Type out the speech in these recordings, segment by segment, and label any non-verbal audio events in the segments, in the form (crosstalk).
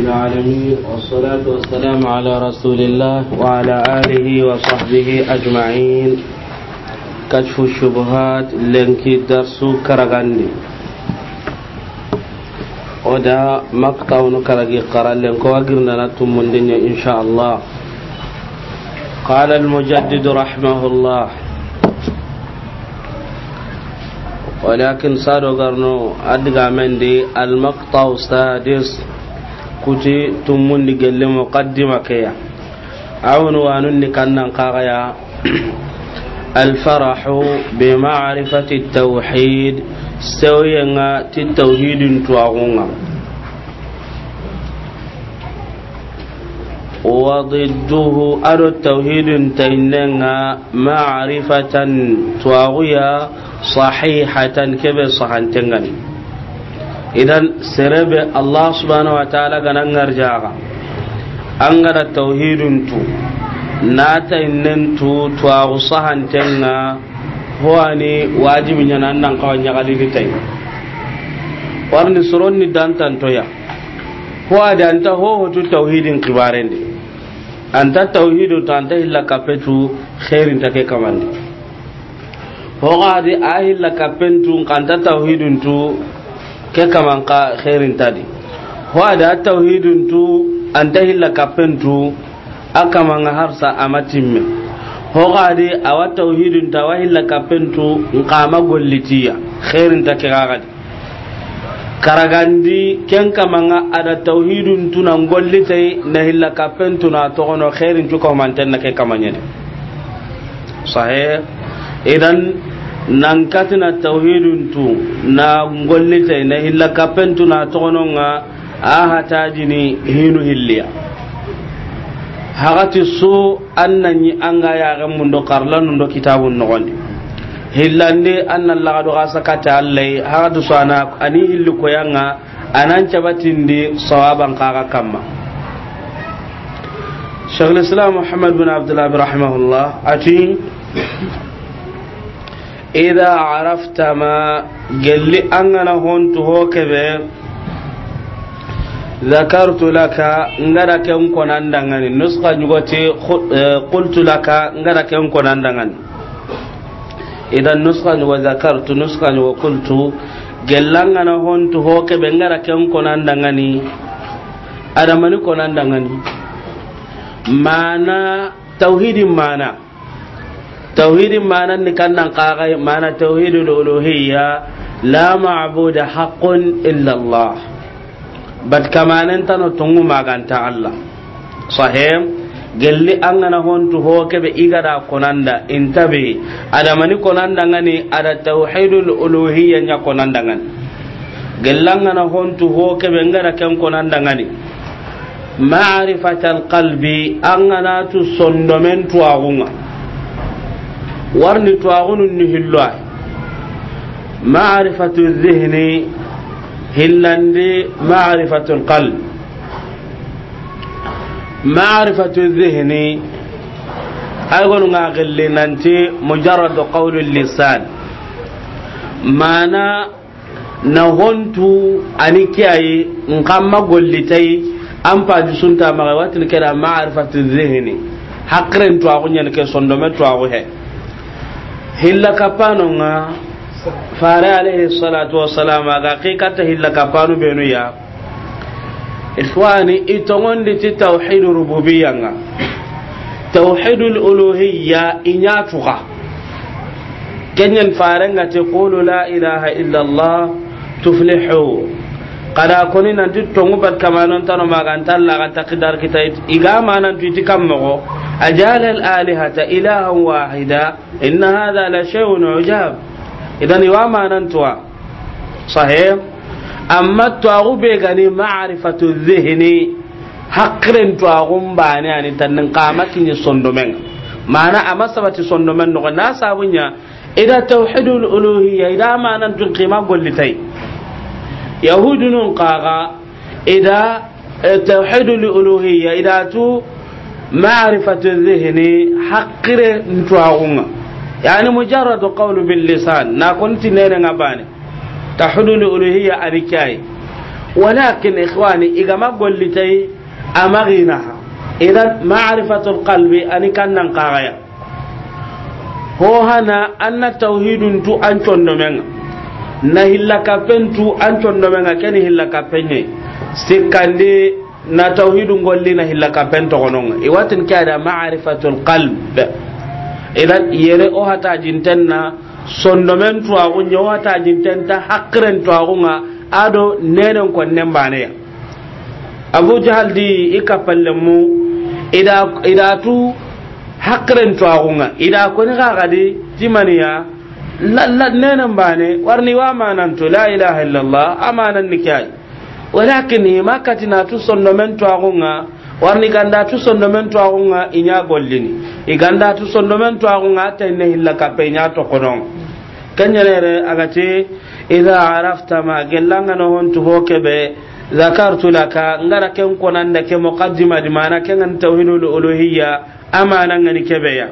العالمين والصلاة والسلام على رسول الله وعلى آله وصحبه أجمعين كشف الشبهات لنكي درس كرغاندي ودا مقطع نكرغي قرا لنكو وقرنا نتم من دنيا إن شاء الله قال المجدد رحمه الله ولكن صاروا قرنوا أدقى من دي المقطع السادس kuti tummun di gelle mu qaddima kaya awun wanun ni kannan qaya (clears throat) al farahu bi ma'rifati tauhid sawiyanga ti tauhidin tuagunga وضده أرو التوحيد تيننا معرفة تواغيا صحيحة كيف صحن تنغني idan serebe allah subhanahu wa ta'ala gana ngarjaga an gana tauhidun tu na ta innan tu tuwaru sahanten na ne wajibin yana nan kawai ya kalili ta yi warni suron ni dan tantoya huwa da an ta hohotu tauhidin kibaren da an ta tauhidu ta an ta hila kafetu khairin ta kai kamar da hoga di a hila kafentun kan ta tauhidun tu ke kaman ka khairin tadi wa da tauhidun tu anta hilla kapen tu aka man harsa amatin me ho gadi a wa tauhidun ta wa hilla kapen tu ngama gollitiya khairin ta ke gadi karagandi ken kaman ada tauhidun tu nan gollitai na hilla kapen tu na to gono khairin tu ko manten na ke kamanya de sahih idan nan katina tauhidun tu na gollita na hilla tu na togononga a hatajini hinu hilliya hagati so annanyi anga yaren mundo karlanundo kitabun nogondi hillande annan lagado ga sakata allai hagati so ana ani hilli koyanga anan da sawaban kaka kamma شيخ muhammad bin بن عبد الله رحمه إذا عرفت ما قال لي أنا هون ذكرت لك نرك يمكن أن دعني نسخة نقولتي قلت لك نرك يمكن أن دعني إذا نسخة وذكرت نسخة وقلت gellangana hontu hoke ngara ken konandangani adamani ni. mana tawhidin mana tauhidin manan ni kannan kaga mana tauhidul uluhiyya la ma'budu haqqun illa Allah bat kamanan tano tungu maganta Allah sahih gelli an gana hontu ho kebe igada konanda intabe adamani konanda ngani ada tauhidul uluhiyya nya konanda ngani gellangana hontu ho kebe ngara ken konanda ngani ma'rifatal qalbi an gana tu sondomen tuwagunga warni tuwaxunun ni hilloa maarifatu zihni hillandi maarifatu lqalb maarifatu zihni ay nga xilli nanti mujaradu qawlu lisan mana na hontu ani kiyaye nkamma gollitai an paji sunta maxa watin keda maarifatu zihni haqiren tuwaxu ñen ke sondome tuwaxu he hilla kapano nga fare alayhi salatu wa salam aga kikata hilla kapano benu ya ikhwani itongondi ti tauhid rububiyya nga tauhid uluhiyya inyatuka kenyan fare nga te qulu la ilaha illa allah tuflihu kada koni nanti tongu bat kamanon tano maganta Allah kan takdar kita iga manan tuiti kammo ajal al alihata ilahan wahida inna hadha la shay'un ujab idan wa manan tuwa sahih amma tuagu be gani ma'rifatu dhihni hakren tuagu bani ani tannin qamatin sondomen mana amma sabati sondomen no na sabunya ida tauhidul uluhiyya ida manan tun qima gollitai yahudunun kaga ida tawhidu li uluhiyya ida tu ma'rifatu dhihni haqqire ntuagunga yani mujarradu qawlu bil lisan na kunti nene ngabane tawhidu li uluhiyya arikai walakin ikhwani igama gollitai amaginaha idan ma'rifatul qalbi ani kannan kagaya ho hana anna tauhidun tu an condo menga na hilla kapen tu an condo men ga ken hilla kapen ne sikande na tauhidu golli na hilla kapen to gonon e watin ka da ma'rifatul qalb idan yere o hata jintenna sondo men tu agun yo hata jintenta hakren to agunga ado nenen ko nembane abu jahal di ikapallemu ida ida tu hakren to agunga ida ko ni ga gadi timaniya lalla nenan bane warni wa mananto la ilaha illallah amanan nikai walakin hima katina tu sonno men to agunga warni ganda tu sonno men to agunga inya gollini iganda tu sonno men to agunga tenne hilla kape nya to konon kanyere agati idha arafta ma gellanga no hontu hokebe zakartu laka ngara ken konanda ke muqaddima di mana ken tauhidul uluhiyya amanan ngani kebeya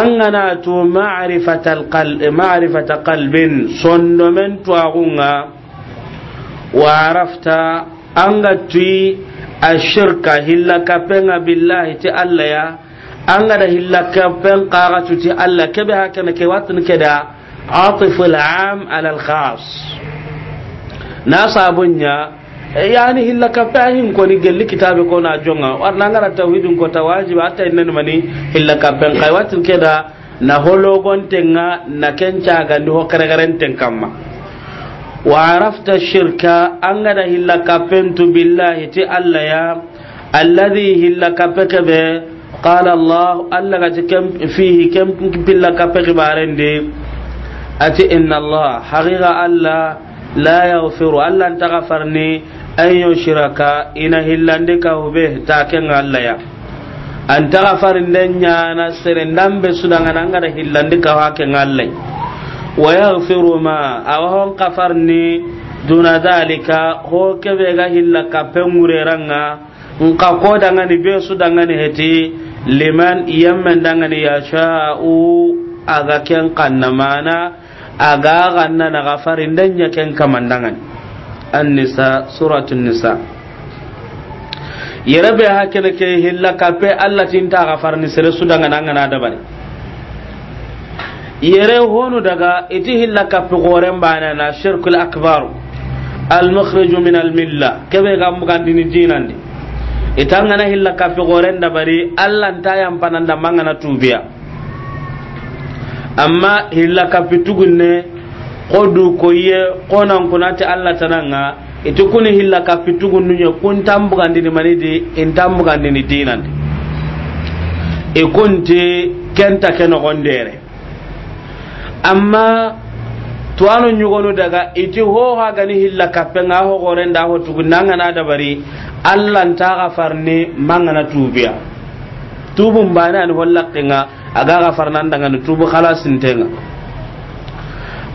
angana tu ma'rifatal qalbi ma'rifata qalbin sondomen to agunga wa arafta anga ashirka hillaka penga billahi ti alla ya angada da hillaka pen tuti alla kebe hakana ke keda atiful am ala al khas na sabunya yani hilla ka a ko ni gelli kitabe na jonga warna ngara tawhidin ko tawajib atta innan mani hilla ka kai watin keda na gontenga na kencagandi ho keregerenten kamma wa arafta shirka an gada hilla kappentu billahi ti alla ya alladhi hilla kappe kebe qala allah alla ga kem fihi kem billa kappe kibarendi ati inna allah haqiqa allah la yaghfiru allah antaghfarni an shiraka ina hillande ka hube ta ken Allah ya an ta farin den nya na seren su sudanga nan ga hillande ka ha ken Allah wa yaghfiru ma hon kafarni duna zalika ho kebe ga hilla ka pengure ranga ka ko danga ni be sudanga ni heti liman yamman danga ni ya sha'u aga ken mana aga ganna na gafarin den nya ken kamandangan النساء سورة النساء yere be ha kene ke hilla kape allah tinta ga farni sere sudanga nangana dabari yere honu daga iti hilla kape goren bana na shirkul akbar al min almilla milla kebe ga mugandi ni dinandi itanga na hilla kape goren dabari allah nta yam pananda mangana tubiya amma hilla kape tugunne kodu koye konan kunati allah tananga itu kuni hilla kafitugunnuye kun tambugandini manidi in tambugandini dinandi i kunti kenta ke nogondere amma tuwanu ñugonu daga iti hoha gani hilla kappe nga hogorenda ho tugu nangana dabari allah ntaga farni mangana tubiya tubu mbane ani hollakkenga aga gafarnandanga ni tubu halasintenga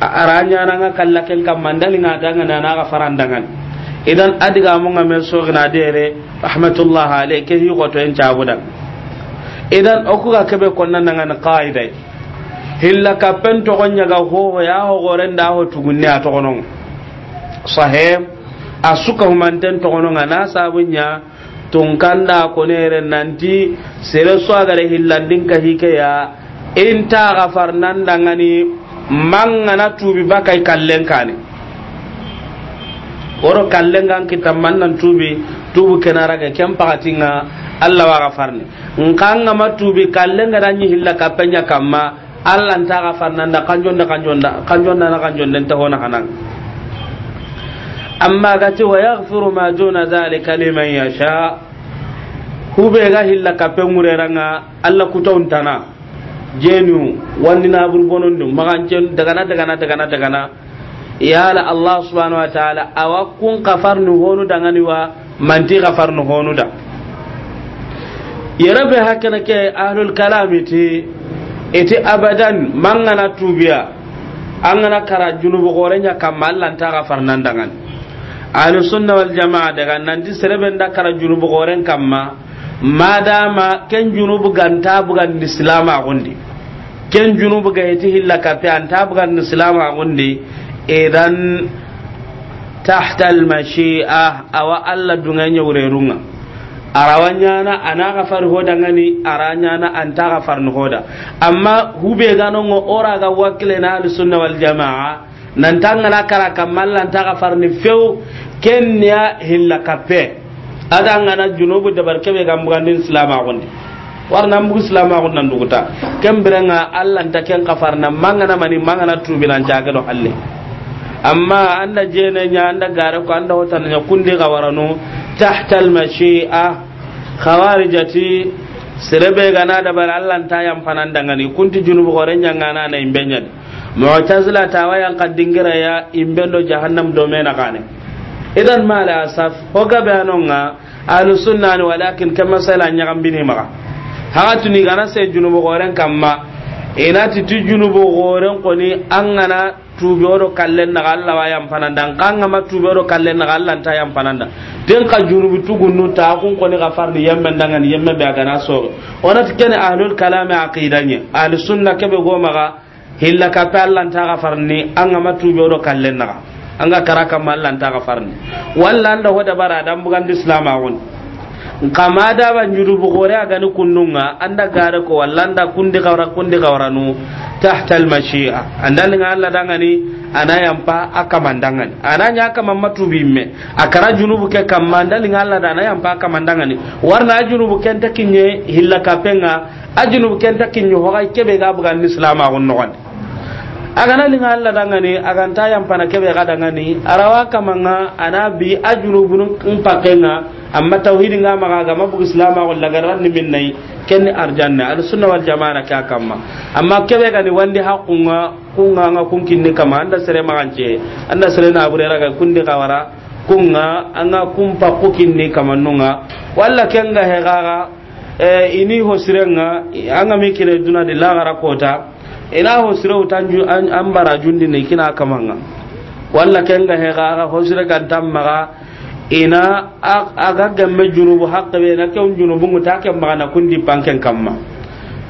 aranya nanga kallaken kam mandali na danga na na farandangan idan adiga mun nga men so gna dere rahmatullah alayke hi goto en idan oku ga kebe konna nanga qaida hilla ka pen to gonya ga ho ya ho gore nda ho tugunne a to gonon sahem asuka humanten to gonon na sabunya tun konere nanti sere so agare hillandin ka hikeya in ta gafar nan dangani mangana tubi bakai kallen kane oro kallen gan kita mannan tubi tubu kena raga kem pakatinga Allah wa gafarni nkanga matubi kallen ga danyi hilla kapenya kama Allah nta gafarna nda kanjonda kanjonda kanjonda na kanjonda nta hona kanang amma gati wa yaghfiru ma duna zalika liman yasha hube ga hilla kapen ranga Allah kutaun tana jenu wani na burgonondu magan daga na daga na ya la allah subhanahu wa ta'ala awa kun nu honu ngani wa manti nu honu da yarabe hakana ke ahlul kalami ti iti abadan mangana tubiya an gana kara junubu gorenya kamma allah ta nan dangan ahlus sunna wal jamaa daga nan di sereben da kara junubu goren kamma madama ken junubu ganta bugan islam a gundi ken junubu ga yati hilla kafe an ta bugan islam a gundi idan tahta almashi'a awa alla dunganya wurerunga arawanya na ana gafar hoda ngani aranya na anta gafar no hoda amma hube gano ngo ora ga wakile na al sunna wal jamaa nan tangala na kara kamalla anta gafar ni few ya hilla kape ada ngana junubu dabar kebe ga mugandin islama gondi warna mbugu islama gonna nduguta kembirenga allah ta ken kafarna mangana mani mangana jaga do halle amma anda jene nya anda gare ko anda wotana nya kunde gawarano tahta al mashi'a khawarijati serebe gana dabar allah ta yam fananda ngani kunti junubu gore nya ngana na imbenya mu'tazila tawaya kadingira ya imbendo jahannam do mena kane idan ma la asaf ga be anonga ahlu sunna walakin kama sala nyagam bini maka hatu ni gana se junubu goren kamma ti tu junubu goren koni angana tubi odo kallen na Allah wa yam fananda kanga ma tubi odo kallen na Allah ta yam fananda den ka junubu tugunnu ta kun ni gafar ni yamma ni yamma be agana so ti kene ahlul kalam e aqidanya ahlus sunna kebe go maka hilla ka pe Allah ta gafarni anga ma tubi odo kallen na an ga kara kan mallan ta gafarni walla anda hoda bara dan bugan islam awon kama da ban yudu bugore aga ni kunnunga anda gare ko walla anda kundi kawra kundi kawranu tahta al mashi'a andal nga Allah dangani ana yampa mandangan ana nya mamatu bimme akara junubu ke kamandal nga Allah dana yampa akamandangani warna junubu ken takinye hilla kapenga ajunubu ken takinye hoga kebe ga bugan islam awon no agana linga alla dangani yam pana kebe ga dangani arawa kamanga anabi ajuru bunun mpakenga amma tauhidin ga maga ga mabu islama walla garan ni nai kenni arjanna al sunna wal jamaa ka kamma amma kebe ga ni wandi haqunga kunga nga kinni kama anda sere magance anda sere na abure raga kundi kawara kunga anga kumpa kinni kama nunga walla kenga hegaga e eh, ini hosirenga anga mikire duna de lagara kota ina hosire tanju an bara jundi ne kina kamanga walla kenga he ga hosire kan tammaga ina aga gamme junubu hakka be na kewun junubu mu take magana kundi banken kamma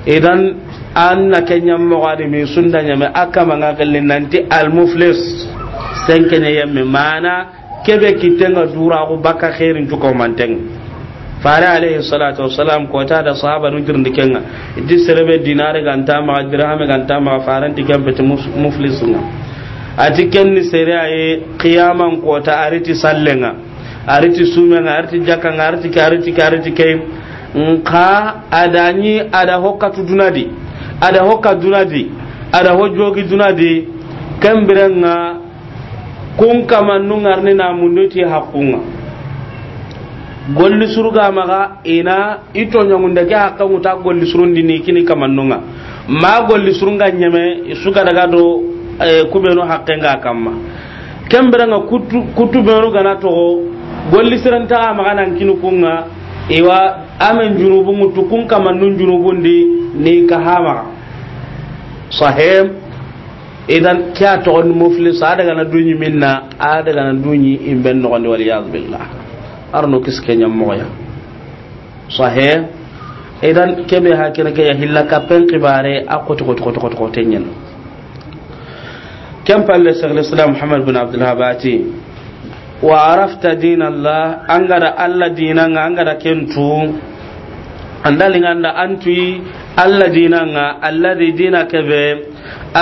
idan an na kenyan mawadi mai sunda nyame aka manga kallin nanti almuflis sen kenya yamma mana kebe kitenga dura ko baka khairin tuko mantenga fara alaihi salatu salam ko ta da sahaba nu dikin ga idi serebe dinare ganta ma dirham ganta ma faran digam beti a cikin kenni sere aye qiyaman ko ta ariti sallenga ariti sumenga ariti jakanga ariti kariti kariti kay nka adani ada hokka dunadi ada hokka dunadi ada hojogi dunadi kembirenga kun na munuti hakunga golli surugamaxa ina i toñongunde ke xa qe nguta golli surundini kini kamannunga ma golli surunga ñeme sugadaga do e, kuɓenu xa qenga kamma kem berenga kutu ɓenu gana toxo golli sirantaxa maxa nan kini kunga iwa amen junubu ngutu kun kamannun junubundi ni kahamaxa sahem idan ke a toxoni mofili so a dagana duñi min na a dagana duñi in ben noxondi waliyasu billah arno kiske ñammoxoya sahe idan keɓe ha kene ke ya hilla kappen xibare a xoti xoti xoti xoti xote ñen ken palle cheikh lislam mohamad bin abdulhabati wa arafta dina allah angada allah dinanga angada kentu andalinganda antui allah dinanga alladi dina kebe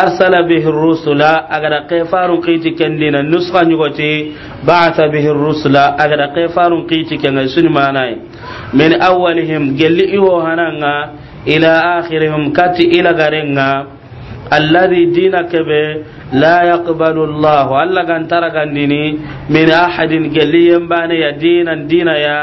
arsala bihi rusula agada kefarun kiti kendina nuska nyugoti ba'atha bihi rusula agada kefarun kiti kenga suni manai min awwalihim gelli iho hananga ila akhirihim kati ila garenga alladi dina kebe la yaqbalu allah allah gantara gandini min ahadin gelli yambane ya dinan dina ya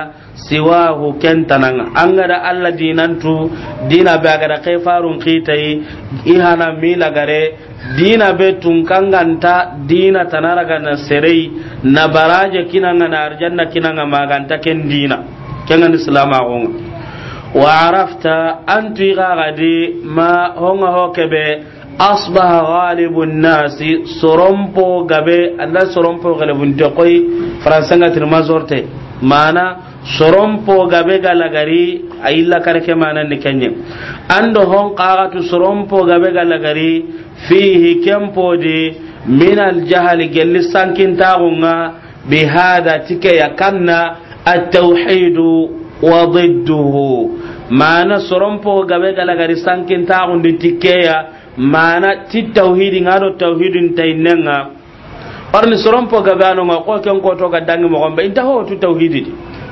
siwahu kentananga angada allah dinantu dina be agada kefarun kitayi ihana milagare dina be tunkanganta dina tanaragana serei na baraje kinanga na arjanna kinanga maganta ken dina kengan islamagonga waarafta antu ixaxadi ma honga hokebe asbaha galibu nnasi sorompo gabe anda sorompo gelebunte koy françaisngatini majorte mana sorompo gabe galagari ayilla karke ni kenye ando hon qagatu sorompo gabe galagari fihi de min aljahali gelli hada tike tikeya kanna altawhidu wa didduhu mana sorompo gabe galagari tike ya mana ti tawhidi ngado tauhidin tainenga warni sorompo gabe anonga ko ken kotoga dangi gombe inta ho tawhidi tauhididi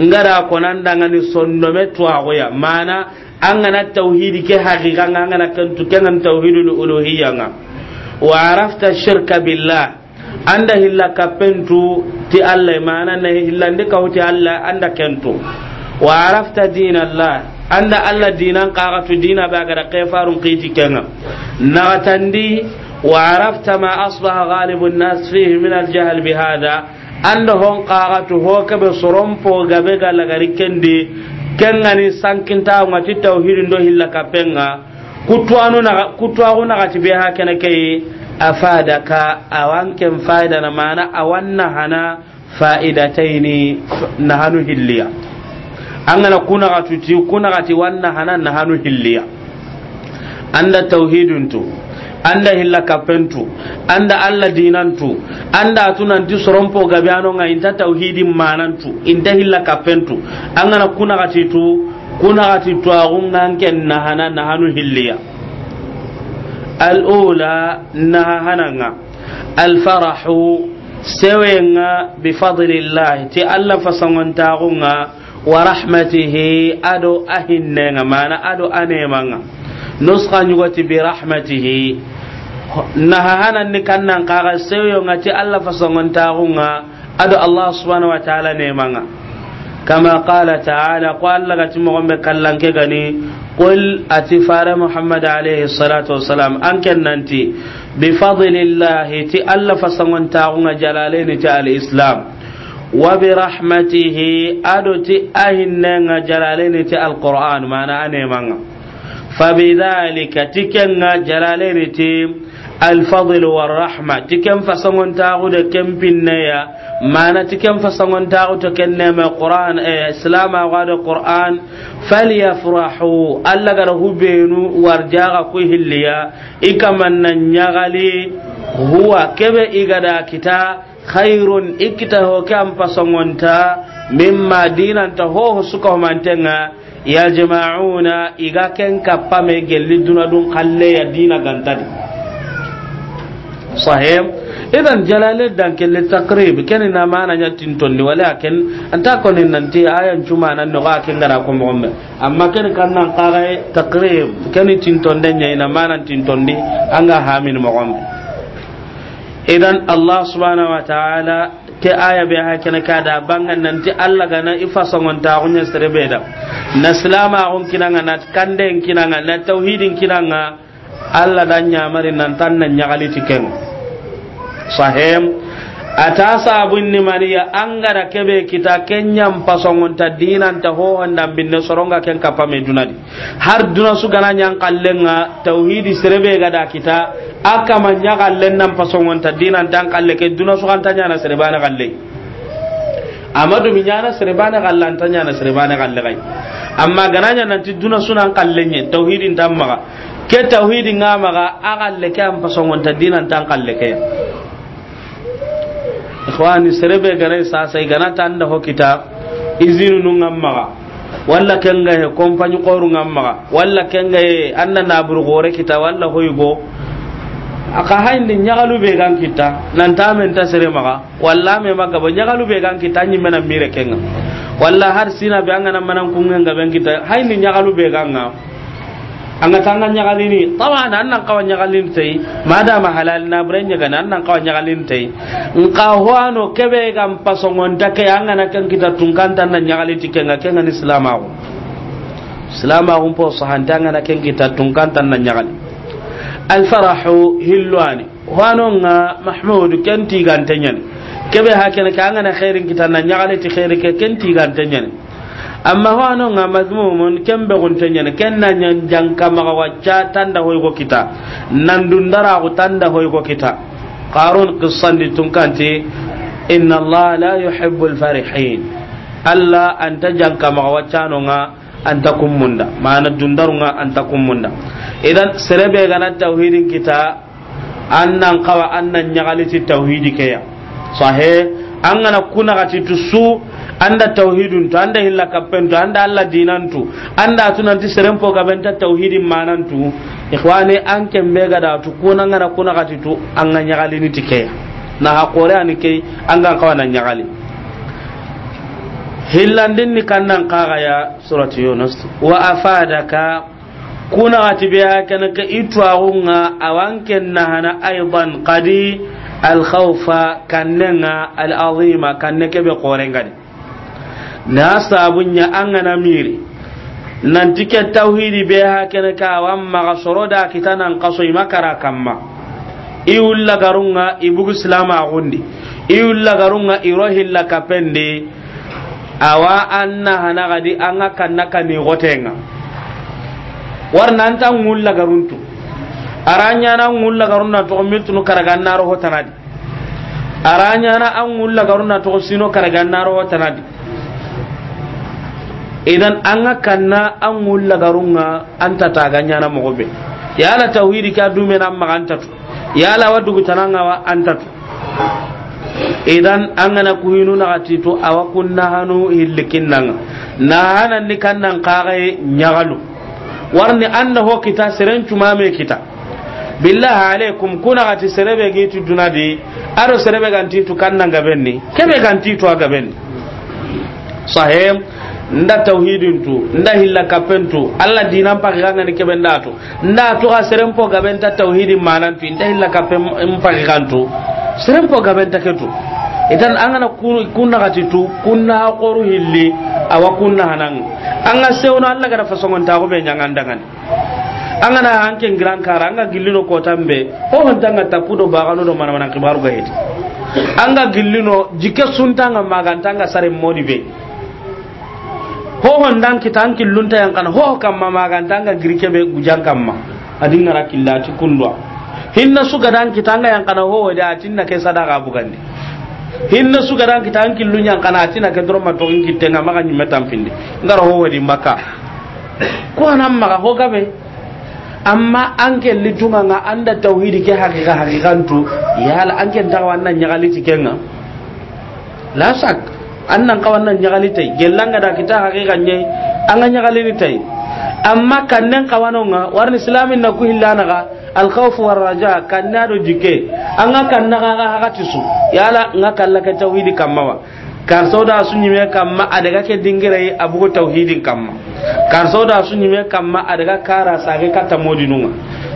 ngara konan dangani sondome agoya mana an gana tauhidi ke haqiqa an ngana kantu kenan tauhidul uluhiyya nga wa arafta shirka billah anda hilla kapentu ti allah mana na hilla ka huti allah anda kentu wa arafta dinallah anda allah dinan kaxatu dina be da kefarun kiti kenga tandi wa arafta ma asbaha galibu nas fihi min aljahl hada. anda hon qaga ho kebe be sorompo gabe gala gari kende ni sankinta ti tauhidin do hilla penga kutwanu na kutwaru na gati be hakene kai afadaka awanken faida na mana awanna hana fa'idataini na hanu hilliya an gana kuna gatuti kuna gati wanna hana na hanu hilliya anda tauhidin tu anda hilla kapentu anda alla dinantu anda sorompo gabiano nga inta tauhidin manantu inda hilla kapentu angana kunagatitu tu agunga ken nahana nahanu hilliya alula nahahananga alfarahu sewenga bifadlillahi ti alla agunga wa rahmatihi ado nga mana ado anemanga nuska nyugoti bi rahmatihi na hahana ni kannan kaga seyo ngati Allah fasongon tagunga adu Allah subhanahu wa ta'ala ne manga kama qala ta'ala ko Allah ga timo gombe kallan ke gani qul fara muhammad alayhi salatu wassalam an kennanti bi fadlillahi ti Allah fasongon tagunga jalalaini ta al-islam wa bi rahmatihi adu ti ahinna jalalaini ti al-qur'an mana ane manga فبذلك تكن جلاليرتي الفضل والرحمة تكن فسنون تاغو دا كم بنيا ما تكن فسنون تاغو تكن ما قرآن إيه إسلام وغاد قرآن فليفرحوا ألا غره بينو وارجاغ كوه الليا إكا من ننيغلي هو كبه إغدا كتا خير إكتا هو كم فسنون تا مما دينا تهوه سكه منتنغا yajma'una iga ken kappa me gelli duna dun kalle ya dina gantadi sahib idan jalale dan kelle taqrib ken na mana nya tinton ni wala ken anta ko ni nanti ayan cuma nan no ga ken gara ko mo amma ken kan nan qara e taqrib ken tinton den nya ina mana tinton di anga hamin mo idan allah subhanahu wa ta'ala ke aya be ha kana kada bangan ti Allah na ifa songon ta gunya da na salama hun kinanga na kande kinanga na tauhidin kinanga Allah dan mari nan tan nan nyagali tikeng sahem ata sabun ni an angara kebe kita kenyam pasongon ta dinan ta ho anda binne soronga ken kapa me dunadi har duna su gana nyang kallenga tauhidi serebe gada kita aka manya kallen nan pasongon ta dinan dan kalle ke duna su kan tanya na serebana kalle amadu minyana serebana kallan tanya na serebana kalle kai amma gananya nan ti duna nan kallenye tauhidin tamma ke tauhidin ngama ga aga leke am pasongon ta dinan tan kalle ke ikhwani serebe gare sasa gana tanda ho kita izinu nun amma walla kenga he kompanyi qoru ngamma walla kenga he anna buru gore kita walla hoygo aka hayndi nyagalu be gan kita. nan ta men ta sere maga. walla me maga bo nyagalu be gan kita nyi mena mire kenga walla har sina be anga nan manan kungenga kita kitta nyagalu be gan ngam anga tanga nyagalini tawa nan nan kawa nyagalin tay mada ma halal na bre nyaga nan nan kawa nyagalin huano kebe gam pasongon take anga na kita tungkan tan nan nyagalin tike nga au islam au mpo po na kita tungkan tan nan nyagalin al farahu hilwani huano nga mahmud ken gantenyan kebe hakene ka anga na kita nan nyagalin ti khairike ken gantenyan amma hoano nga mazmumun kembe gunte ne kenna nyan jangka maka wacca tanda hoy go kita nandundara ko tanda hoy go kita qarun qissan ditunkanti inna allah la yuhibbul farihin alla anta jangka maka wacca no nga anta kumunda mana nga anta kumunda. idan serebe gana tauhidin kita annan kawa annan nyagaliti tauhidi keya sahe angana kuna gati tusu anda tauhidun tu anda hilla kapen tu anda allah dinan tu anda serempo kapen kabenta tauhidin manan tu ikhwani an kembe gada tu kuna ngana kuna kati tu an ga nyagali ni tike na hakore ni kai an ga kawana nyagali hillandin ni kannan kaga ya surati yunus wa afadaka kuna kati biya kana ka itwaunga awanken hana aidan qadi al khawfa kannenga al azima ke be qorengani na sabunya an gana miri nan tike tauhidi be ha kene ka wan ma soro da kitanan kaso makara kamma i wulla garunga i bugu islama gundi i wulla garunga i rohilla kapende awa anna hana gadi an ga kanna kani gotenga warna tan wulla garuntu aranya na wulla garunna to miltu karaganna ro hotanadi aranya na an wulla garunna to sino karaganna ro hotanadi idan an ga kanna an wulla garunga an ta taganya na mogobe ya la tauhidi ka dume na maganta tu ya la wadu gutananga wa ta tu idan an gana ku hinu na ati to awa kunna hanu hillikin nan na hanan ni kannan kaga e nyagalu warni anna ho kita siren cuma me kita billahi alaikum kuna ati serebe gitu dunadi aro serebe ganti tu kannan gabenni kebe ganti to gabenni sahem nda tauhidin tu nda hilla kapen tu alla dinan pa ganga ni keben datu nda to ga serem po gaben ta tauhidin manan tu nda hilla kapen pa gantu serem po gaben ta ketu idan an gana kunna gati tu kunna qoru hilli awa kunna hanan an ga sewno alla gara fasongon ta go be nyangan dangan an gana hanken gran kara an ga gillino ko tambe ho hon tanga tapudo ba gano do mana mana kibaru ga hedi an ga gillino jike suntanga magantanga sare modi be ho hondan kitan killunta yang kan ho ma magantan ga girke be gujan ma adin ngara killati kundwa hinna suga dan kitanga yang kan ho da tinna ke sadaka bugandi hinna suga dan kitan killun yang kana na ke droma to in kitenga maka metam tampinde ngar ho wadi maka ko nan maka ho gabe amma an kelli tunga nga anda tauhidi ke hakika tu yala an ken tawanna nyagali tikenga lasak annan kawan nan nyagali tay gelanga da kita hakika nye anga nyagali ni tay amma kannan kawanonga warni islamin na ku hillana ga al khawf war raja kanna do jike anga kanna ga ga hakati su yala nga kalla ka tauhidi kamawa kan soda su nyime kamma adaga ke dingire abu tauhidin kamma kan soda su nyime kamma adaga kara sage kata modinunga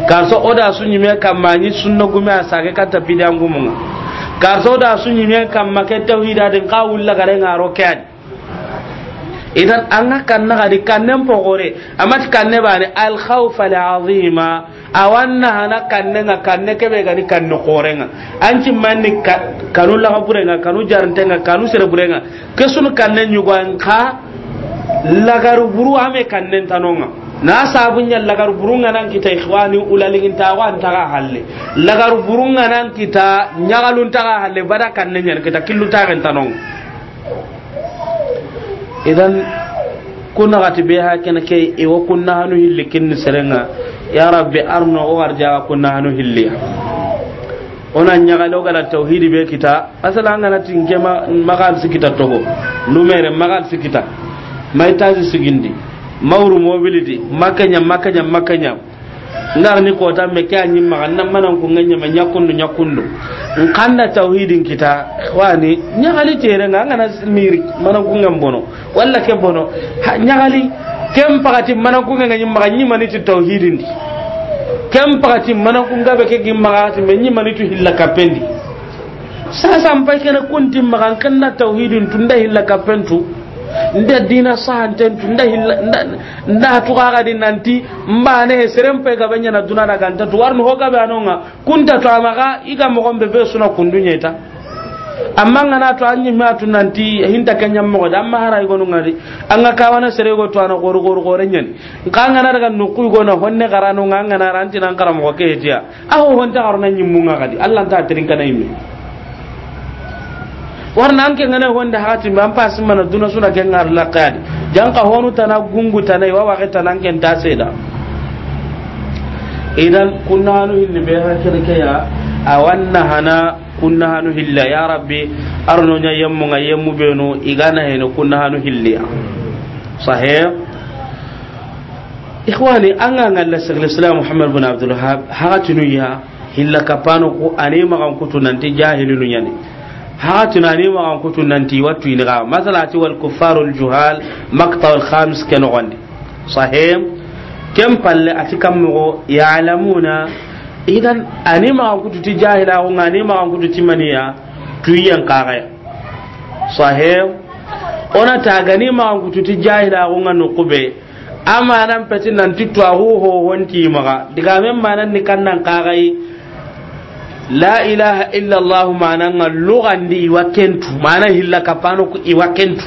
kan so oda su nyime kamma ni sunna gumi a sage kata bidangumunga garso da sunyi ne kam make tauhida din ka la gare ngaro kadi idan an ga kan naga di kan nem pogore amma kan ne ne al khawfa al azima awanna hana kan ne kan ne kebe gani kan no ci man ni kanu la nga kanu nga kanu sere nga ke sunu kan ne nyugo an la garu buru ame kan ne tanonga na sabun ya lagar burunga nan kita ikhwani ulalin ta wa ta halle lagar burunga nan kita nyagalun ta halle bada kan nan yar kita killu ta kan tanon idan kunna gati be ha kana ke e wa kunna hanu hilli kin serenga ya rabbi arno o warja kunna hanu hilli ona nyagalo gala tauhid be kita asala ngana tingema tin magal sikita togo numere magal sikita maitaji sigindi mawru mobility makanya makanya makanya ngar ni ko me kya nyi ma nan manan ko nganya ma nyakundu nyakundu nkanda tauhidin kita wani nyagali tere nga ngana miri manan ko ngam bono walla ke bono nyagali kem pakati manan ko nganya ma nyi mani ti tauhidin di kem pakati manan ko ngabe ke gimma ti me nyi mani tu hilla kapendi sasa mpai kena kunti makan kanda tauhidin tunda hilla kapentu nda dina sahan tu nda nda tuka ga din nanti mba ne serem pe ga banya na duna na ganta tu warno hoga be anonga kunta to amaga iga mo gombe be suna kundunya ita amma ngana to anyi ma tu nanti hinta kanya mo da amma hara go ngari anga kawana sere go to ana gor gor gore nyen ka ngana daga nuku go na honne garano ngana ranti nan karam go ke dia aho honta garona nyimunga kadi allah ta tirin kana imi warna an kenga ne wanda hati man pas mana duna suna kenga arla janka honu tana gungu tana wa waxe tana ken ta seda idan kunna hanu hilli be ha kirke ya awanna hana kunna hanu hilla ya rabbi arno nya yemmu nga yemmu be no igana heno kunna hanu hilli sahih ikhwani an ga ngalla sallallahu alaihi muhammad bin abdul wahhab ha ya hilla kapano ko ane magan kutu nanti jahilinu nyane ha tunani ma an kutun nan ti wattu ni ga masala ti wal kuffarul juhal maqta al khamis ken gondi sahih kem palle ati ya alamuna idan ani ma an kutu ti jahila ko ani ma an kutu ti maniya tuyan kare. sahih ona ta gani ma an kutu ti jahila ko ngano kube amma nan peti nan ti tuwa ho ho wonti maga diga men manan ni kannan kagai la ilaha illa allah manan lugan di wakentu mana hilla kapano ku iwakentu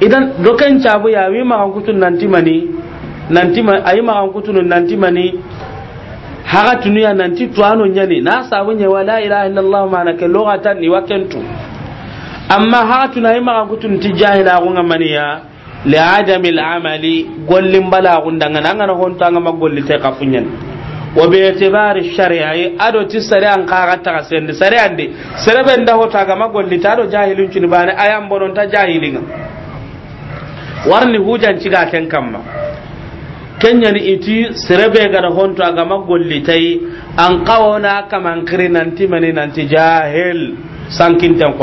idan doken cabu ya wi makan kutun nanti mani nanti ma ayi makan kutun nanti mani haga tunu nanti tuano nyani na sabu nya wala ilaha illa allah mana ke lugatan wakentu amma haga tunu ayi makan kutun tijahila ko ya li adamil amali gollim bala gundanga nangana na hontanga magolli te kafunyan wa bi itibari shari'a ado ti sare an kaga ta sendi sare ande sare ben da hota ga magolli ta do jahilun cin bani ayan boron ta jahilin warni hujan ci ga ken kamma kenya ni iti sare be ga da honto ga magolli tai an na kaman kirinan timani nan ti jahil sankin tan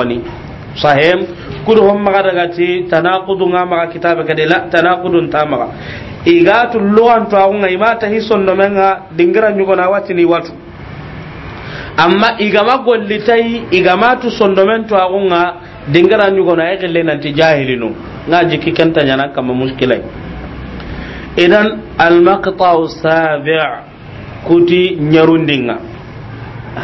sahem kudu hon maga daga ti tanaqudu nga maga kitabe kade la tanaqudun ta maga igatu loan to awun ngai mata hison no menga dingira nyugo na wati ni watu amma igama golli tai igama tu sondomen to awun nga dingira nyugo na yake le ti jahilinu nga jiki kenta nyana kama muskilai idan al maqta'u sabi' kuti nyarundinga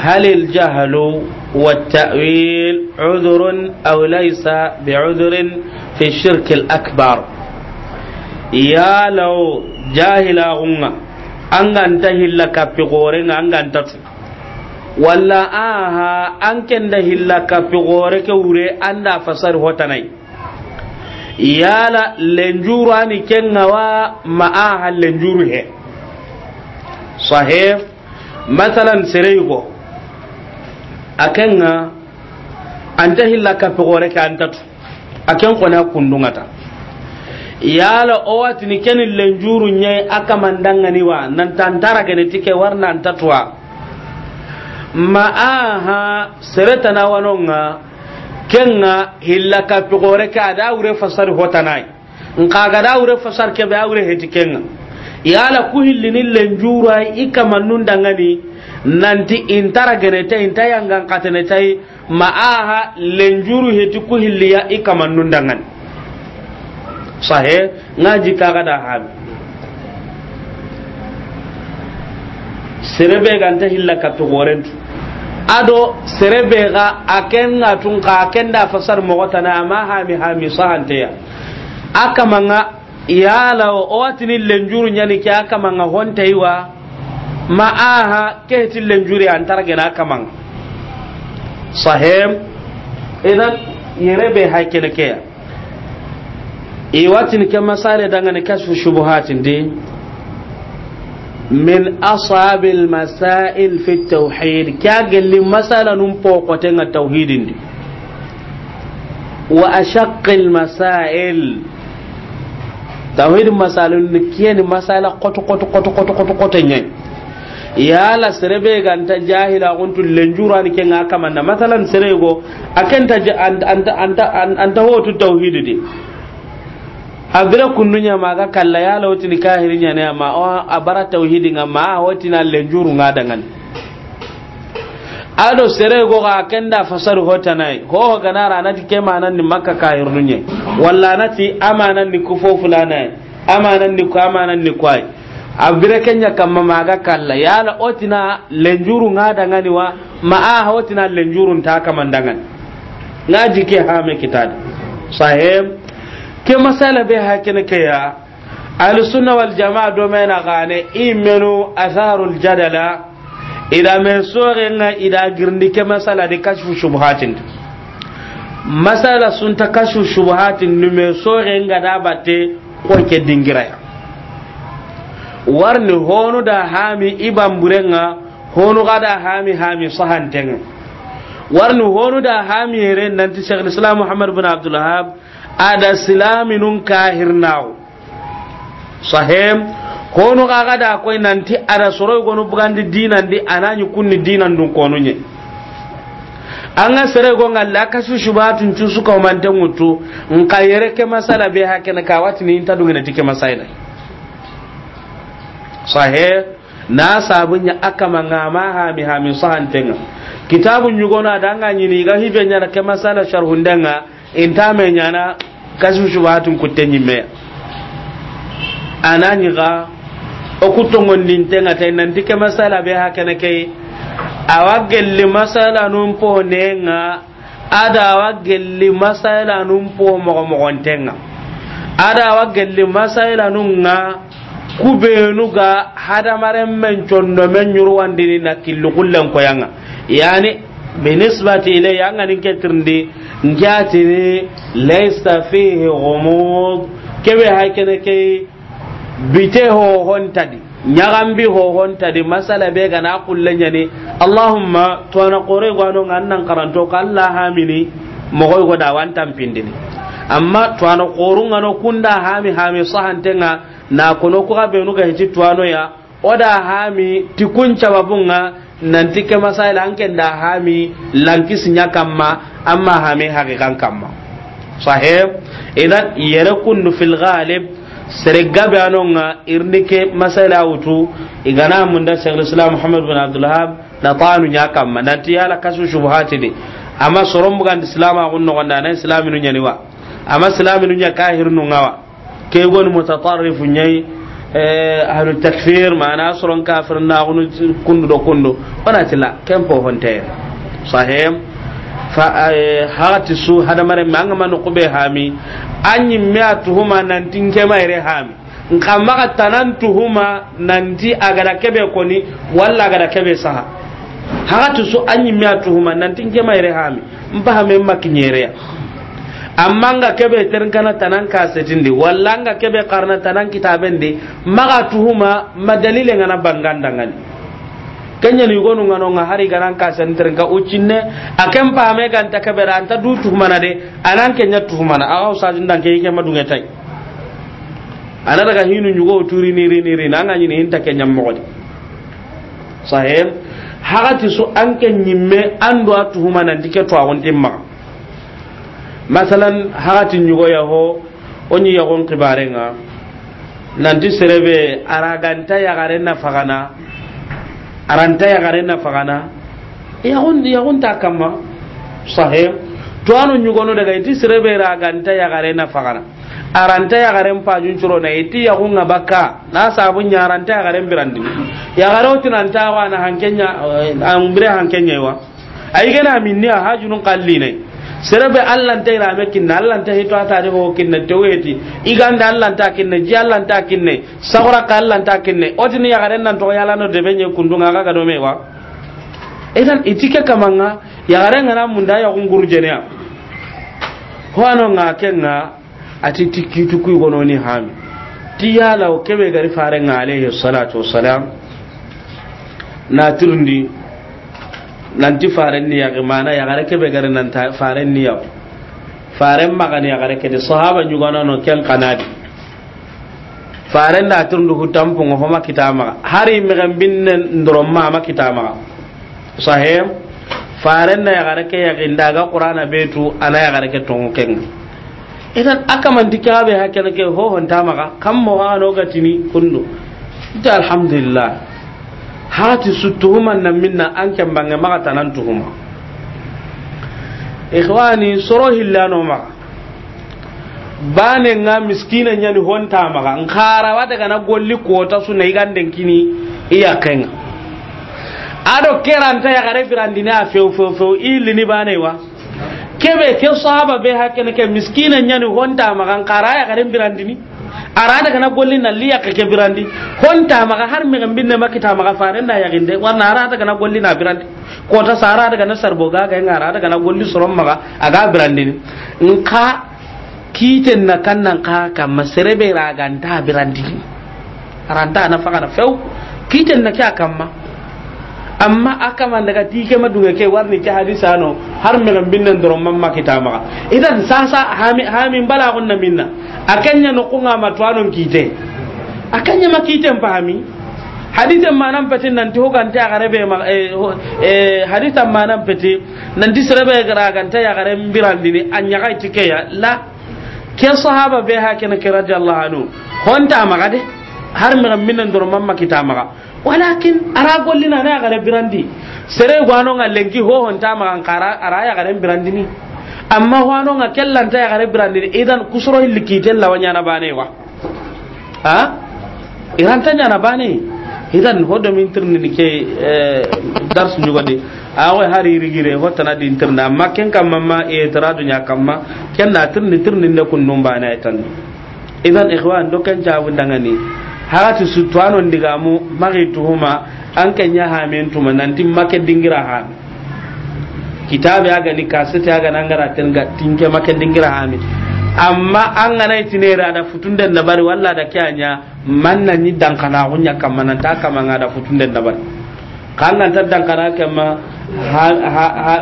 halil jahalu والتأويل عذر أو ليس بعذر في الشرك الأكبر يا لو جاهل غنى أن أنتهي لك في بغورين أن أنتت ولا آها أن كنده لك في غورك وري أن فصر وطني يا لا لنجوراني كنوا ما آها لنجوره صحيح مثلا سريغو akenga ah, anta hilla fi gore ke antatu aken kona ta yala o watini kani lenjuru dangani wa nan ta tantara gene tike ta tuwa ma aha seretana wanonga kenga hilla fi gore ka da wure fasar hotanai nkaga da wure fasar ke be awure hetikenga yala ku hillini lenjuru ai ikamannun dangani nanti intara geneta inta yangan katenata ma aha lenjuru heti ku hilliya i kamannun dangan sahe nga jika kada habi serebe ganta hilla katu gorentu ado serebe ga aken nga tun ka aken da fasar mogotana ama hami hami sahanteya akamanga yala o watini lenjuru nyani ki akamanga hontaiwa ma'aha ke tillen juri an na kaman sahem idan yere bai haike na ke iwatin ke masare dangane kashfu shubuhatin de min asabil masail fi tauhid kya galli masala nun pokoten a tauhidin di wa ashaqqil masail tauhidin masalun ne kiyani masala kotu kotu kotu kotu kotu kotu yala serebe ganta jahila guntu lenjura ni kenga kamanda masalan serego akenta anta anta anta hotu tauhid di abira kunnunya maga kalla yala wati ni kahirinya ne ma o abara tauhid nga ma wati na lenjuru nga dangan ado serego ga kenda fasaru hota nai ho gana rana ti kema nan ni makka kahirnunye walla nati amanan ni kufo fulana amanan ni ko amanan ni kwai abire kenya kamma maga kalla yala otina lenjuru nga dangani wa maaha otina lenjuru ta kaman dangan nga jike ha me kitadi sahib ke masala be kene ke ya ahlu sunna wal jamaa do mena gane imenu atharul jadala ida me sore nga ida girndi ke masala de kashfu shubhatin masala sun ta kashfu shubhatin nume sore nga da batte ko ke dingira ya warni honu da hami iban burenga honu gada hami hami sahantenga warni honu da hami nan ti Sheikh Islam Muhammad bin Abdul Wahhab ada silaminun kahirnao sahem honu gaga da koy ti ada soro gonu bugandi di ananyu kunni dinan dun nye. an ga sere gon Allah ka su tun cu suka mantan wutu in ka yere ke masala be hakana ka watini in ta dungina tike masaina sahe na sabun ya aka ma ha mi ha mi sahan tenga kitabun yugo na danga nyini ga hibe nyana ke masala sharhun danga inta me nyana kasu shubatun kutenyi me anani ga o kutongon din tenga tay nan dike masala be ha kana kai awa masala num po nenga ada awa masala num po mo mo ada awa gelli masala kubenuga hadamaren men condo men ñurwandini na killu kullen koyanga yani binisbati ilay anga nin ketirndi njatini laysa fihi gumud kebe hay kene ke bite hohontadi ñagambi hohontadi masala be gana kullenyani allahumma tona kore gwano ngannan karanto ko allah hamini mogoy goda wantan pindini amma tona korungano kunda hami hami sahantenga nga na kono ku ga benu ga hiji tuano ya oda hami tikun cababunga nanti ke masaila anke da hami lanki sinya kamma amma hami hakikan kamma sahib idan yere kunnu fil ghalib sere gabe anonga irnike masaila wutu igana mun da shaykhul islam muhammad bin abdulhab na tanu nya kamma nanti yala kasu shubuhati de amma soron bugan islam agun no gonda na islaminu wa amma islaminu nya kahirnu ngawa ke gon mutatarrif nyai eh ahlul takfir mana soron kafir na gunu kundu do kundu ona tila kempo honte sahem fa hati su hada mare manga manu kube hami anyi mea tuhuma nan tinke maire hami nka tanan tuhuma nanti agada kebe koni agada kebe saha hati su anyi mea tuhuma maire amma nga kebe terin kana tanan kasetindi walla nga kebe karna tanan kitabendi maga tuhuma madalile ngana bangandangani kenya ni gonu ngano nga hari ganan kasen terin ka ucinne akem pame ganta kebe ta du tuhuma na de anan kenya tuhuma na awa usajin dan keke madunga tai ana daga hinu nyugo turi ni ni niri na nga nyini hinta kenya mogodi sahel hagati su anke nyimme ando atuhuma nan dike to awon timma masalan hagati nyugo ya ho onyi ya gon kibarenga nanti serebe araganta ya garena fagana aranta ya garena fagana ya gon ya ta kama sahih to anu nyugo no daga iti serebe araganta ya garena fagana aranta ya garen pajun curo na iti ya gon baka na sabun ya aranta ya garen birandi ya garo wa na hankenya eh, an bire hankenya wa ai gana minni a hajunun kalli ne serebe allah ta rame kinna allah ta hito ata ne ko kinna teweti iganda allah ta kinna ji allah ta kinne sahura ka allah ta kinne otini ya garen nan to yala no de nye kundunga ga ga do mewa idan itike kamanga ya garen mun da ya kunguru ya ho ano nga kenga ati tikitu ku gono ni hami ti yala o kebe gari fare ngale alayhi salatu wassalam na turundi nanti faren niya ke mana ya gare be gare nan ta faren niya ya faren magani ya gare de sahaba nyugo no no ken kanadi faren da tun du tampo ngo homa kitama hari me gam binne ndorom ma ma kitama sahem faren na ya gare ke ya ginda ga qur'ana betu ana ya gare ke tong ken idan aka man dikabe hakene ke ho hon tamaga kam mo ha no gatini kullu ita alhamdulillah hati su tuhuman nan minna an kan bange maka tanan tuhuma ikhwani soro hillano maka bane nga miskina nyani honta maka nkara wada kana golli kota suna iganden kini iya kenga ado keranta ya gare fewu fewu feu feu ili ni bane wa kebe ke sahaba be ne ke miskina nyani honta magan qaraya garin birandini arada kana golli na liya ka ke birandi honta maga har me gambin ne makita maga faran na yaginde wannan arada kana golli na birandi ko ta sara daga na sarboga ga yin arada kana golli suron maga aga birandi in ka kiten na kannan ka ka masrebe raganta birandi aranta na faga na feu kiten na kya kamma amma man daga tike madunga ke warni ke hadisa no har melam binnan doron mamma kitama idan sasa hami hami bala gunna minna akanya no kunga matwanon kite akanya makite pahami hadisa manan ta nanti ma eh, eh hadisa manan ta nanti serebe garagante dini anya kai tike ya la ke sahaba be hakina kene ke radiallahu anu honta ma gade. har mega minan dor mamma kita maga walakin ara gollina na gare birandi sere gwano nga lenki ho hon ta maga kara ara ya gare brandi ni amma gwano nga kellan ta gare brandi idan idan kusuro tel lawanya na bane wa ha iran tanya na bane idan hodo min tirni ni ke eh, dars nyugande awo hari rigire hotana din tirna amma ken kam mamma e tradu nya kamma ken na tirni tirni ne kun numba na idan ikhwan do kan jawun dangani hagati sutwano ndigamu magi tuhuma an kanya mananti make dingira hami kitabe aga ni kasete aga nangara tenga tinke make dingira hami amma an gana itinera da futun da bari walla da kyanya manna ni kana hunya kamana ta kamanga da futun da bari. kan nan ta dankana kama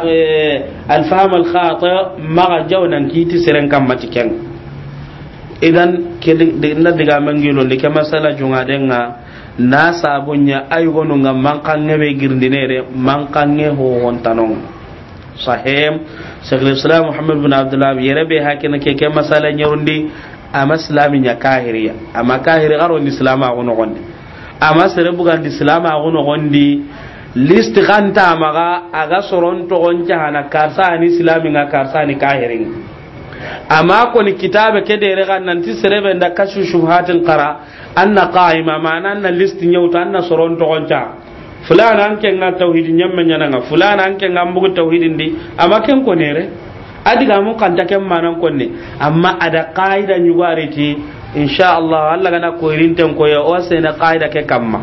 eh, khata ma maga jawnan kiti siren kan matiken idan na diga mangilo ke kama sala junga denga na sabunya ay gonu nga mankange be girdinere mankange ho hontanong sahem shaykhul islam muhammad bin abdullah yere be hakina ke ke masala nyarundi ama islami nya kahiriya ama kahiri garo ni islam a gono gonde ama sere buga di islam a gono gondi list ganta maga aga soron to gonja hana karsa ni islami nga karsa ni kahirin amma koni kitabe ke dere ga nan ti serebe da kashu shuhatin qara anna qaima mana anna list nyauta anna soron to gonta fulana an ken ngal tauhid nyamma nyana nga fulana an ken ngam bugu tauhid ndi amma ken ko nere adiga mun kan ta ken manan konne amma ada qaida nyugare ti insha Allah Allah gana ko irinten ko ya o sene qaida ke kamma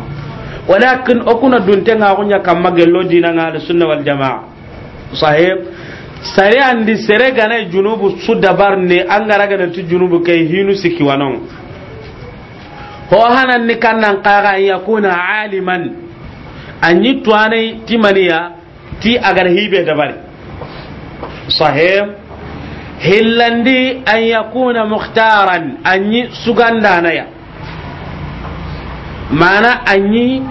walakin okuna dunten ga gunya kamma gelo dina ngal sunna wal jamaa sahib sare andi sere gana e junubu su dabar ne an gara ga tu junubu kai hinu siki wanon ho hanan ni kannan qara ya kuna aliman yi tuwanai timaniya ti agar hibe dabari sahih hillandi an ya yakuna mukhtaran anyi sugandana ya mana anyi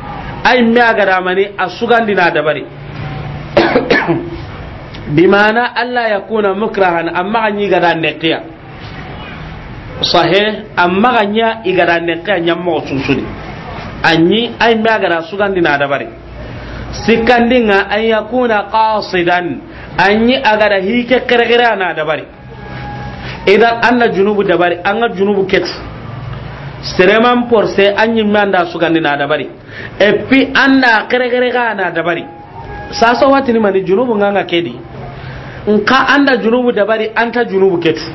ay me mani a sugandina dabari bimana alla kuna mukrahan amma ganyi gada neqiya sahe amma ganya igada neqiya nyammo susuni anyi ay magara sugandi na dabari sikandinga ay yakuna qasidan anyi agada hike keregira na dabari idan anna junubu dabari anga junubu ket sereman porse anyi manda sugandi na dabari epi anna keregira na dabari sasa watini mani junubu nganga kedi nka anda junubu dabari anta junubu ketu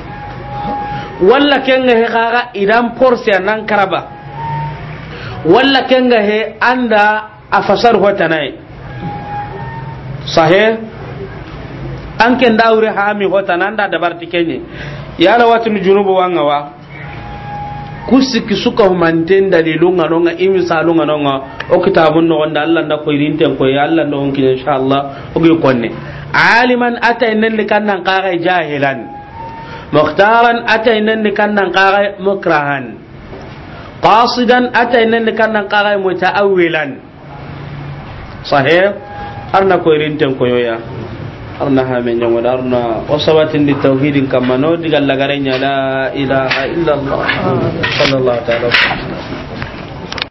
walla kenga he kaga idan porsi nan karaba walla kenga he anda afasar hotanai sahe an ken dawre hami hotana anda dabar tikenye yala watinu junubu wanga wa kusiki suka humanten dalilu nga nonga imisalu nga nonga o kitabun no wanda Allah nda koyirin ten koyi Allah ndo onkin inshallah o ge aliman atainan likannan jahilan mukhtaran mukrahan qasidan atainan likannan tauhidin kamano